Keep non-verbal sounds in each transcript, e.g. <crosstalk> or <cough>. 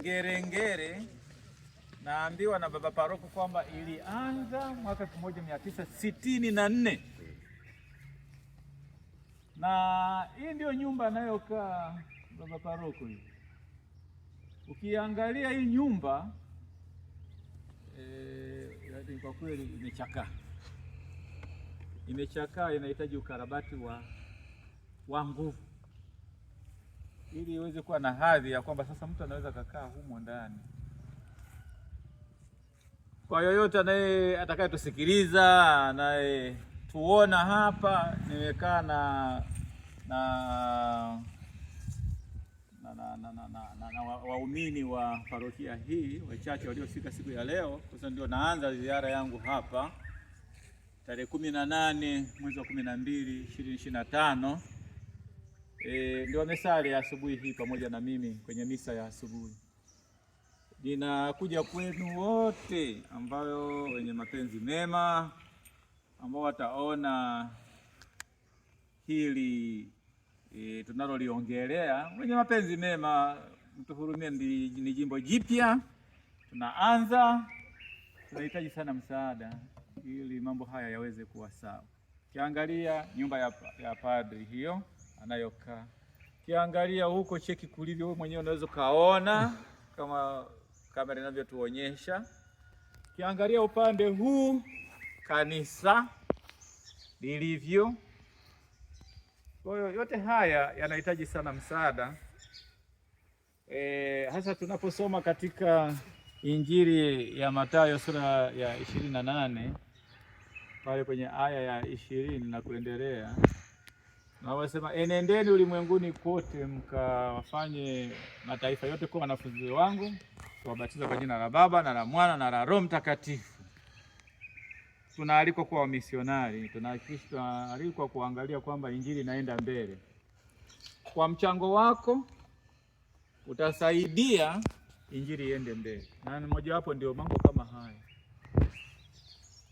Ngerengere, naambiwa na baba paroko kwamba ilianza mwaka 1964 na hii ndiyo nyumba anayokaa baba paroko hii. Ukiangalia hii nyumba e, kwa kweli imechakaa, imechakaa, inahitaji ukarabati wa wa nguvu ili iweze kuwa na hadhi ya kwamba sasa mtu anaweza kukaa humo ndani. Kwa yoyote anaye atakayetusikiliza anayetuona hapa, nimekaa na na na, na, na, na, na, na waumini wa parokia hii wachache waliofika siku ya leo, kwa ndio naanza ziara yangu hapa tarehe kumi na nane mwezi wa kumi na mbili ishirini na tano e, ndio ya asubuhi hii pamoja na mimi kwenye misa ya asubuhi. Ninakuja kwenu wote ambayo wenye mapenzi mema ambao wataona hili e, tunaloliongelea. Wenye mapenzi mema mtuhurumie, ni jimbo jipya tunaanza, tunahitaji sana msaada ili mambo haya yaweze kuwa sawa. Kiangalia nyumba ya, ya padri hiyo anayokaa. Kiangalia huko, cheki kulivyo, wewe mwenyewe unaweza ukaona <laughs> kama kamera inavyotuonyesha. Kiangalia upande huu kanisa lilivyo. Kwa hiyo yote haya yanahitaji sana msaada e, hasa tunaposoma katika Injili ya Mathayo sura ya ishirini na nane pale kwenye aya ya ishirini na kuendelea na wasema enendeni ulimwenguni kote mkawafanye mataifa yote kuwa wanafunzi wangu, kuwabatiza kwa jina la Baba na la Mwana na la Roho Mtakatifu. Tunaalikwa kuwa wamisionari, tunaalikwa kuangalia kwamba injili inaenda mbele. Kwa mchango wako utasaidia injili iende mbele, na mojawapo ndio mambo kama haya,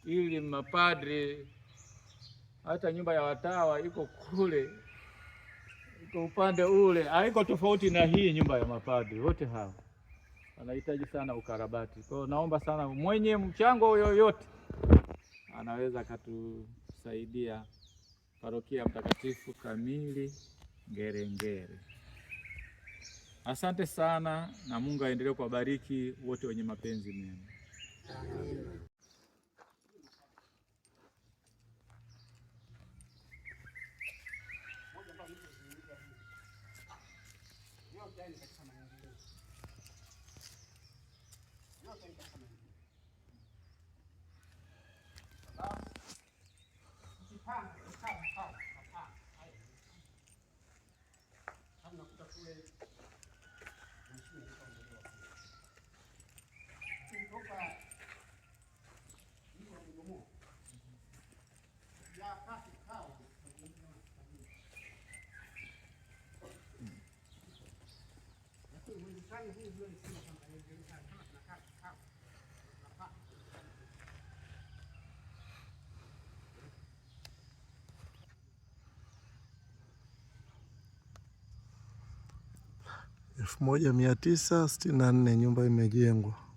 ili mapadre hata nyumba ya watawa iko kule, iko upande ule, haiko tofauti na hii nyumba ya mapadri. Wote hawa anahitaji sana ukarabati. Kwa hiyo naomba sana mwenye mchango yoyote anaweza akatusaidia parokia Mtakatifu Kamili Ngerengere. Asante sana na Mungu aendelee kuwabariki wote wenye mapenzi mema. then get some angry. No, then get some angry. Hello? Sipang, sipang, sipang, sipang. Ay. Hanok tak boleh. elfu moja mia tisa sitini na nne nyumba imejengwa.